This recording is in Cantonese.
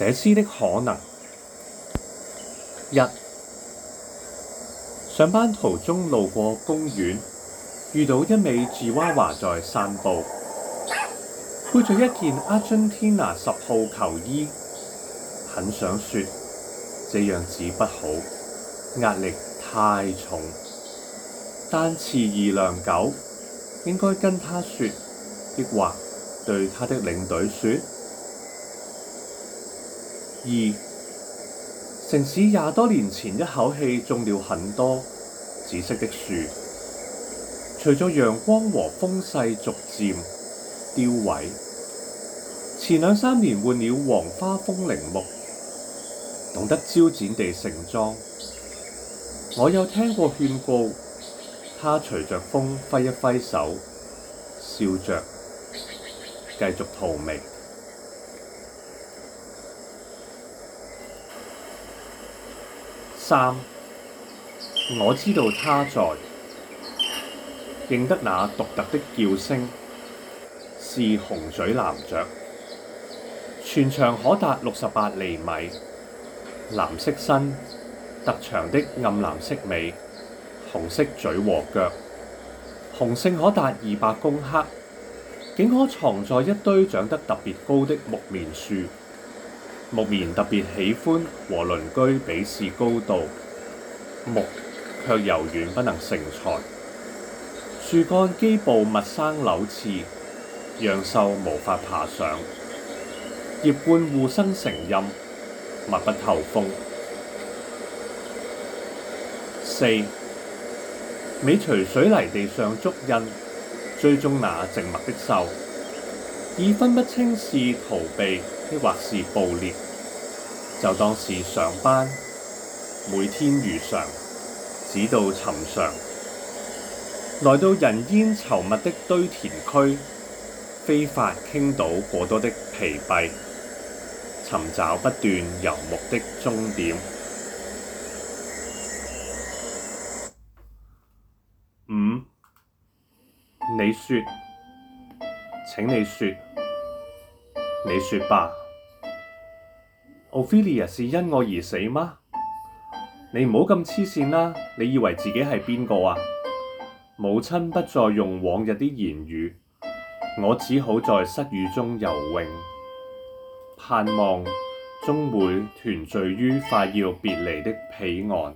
寫詩的可能一，1. 上班途中路過公園，遇到一尾芝娃娃在散步，背著一件 Argentina 十號球衣，很想説這樣子不好，壓力太重，但遲疑良久，應該跟她説的話，抑或對她的領隊説。二，城市廿多年前一口氣種了很多，紫色的樹，隨着陽光和風勢逐漸凋萎。前兩三年換了黃花風鈴木，懂得招展地盛裝。我有聽過勸告，她隨着風揮一揮手，笑着繼續荼蘼。三，我知道她在，認得那獨特的叫聲，是紅嘴藍鵲。全長可達六十八厘米，藍色身，特長的暗藍色尾，紅色嘴和腳，雄性可達二百公克，竟可藏在一堆長得特別高的木棉樹。木棉特別喜歡和鄰居比試高度，木卻柔軟不能成材。樹幹基部密生瘤刺，讓獸無法爬上。葉冠互生成蔭，密不透風。四、尾隨水泥地上足印，追蹤那靜默的獸，已分不清是逃避，或是捕獵，就當是上班，每天如常，只道尋常。來到人煙稠密的堆填區，非法傾倒過多的疲憊，尋找不斷遊牧的終點。五、嗯，你說，請你說，你說吧。Ophelia，是因我而死嗎？你唔好咁黐線啦！你以為自己係邊個啊？母親不再用往日啲言語，我只好在失語中游泳，盼望終會團聚於快要別離的彼岸。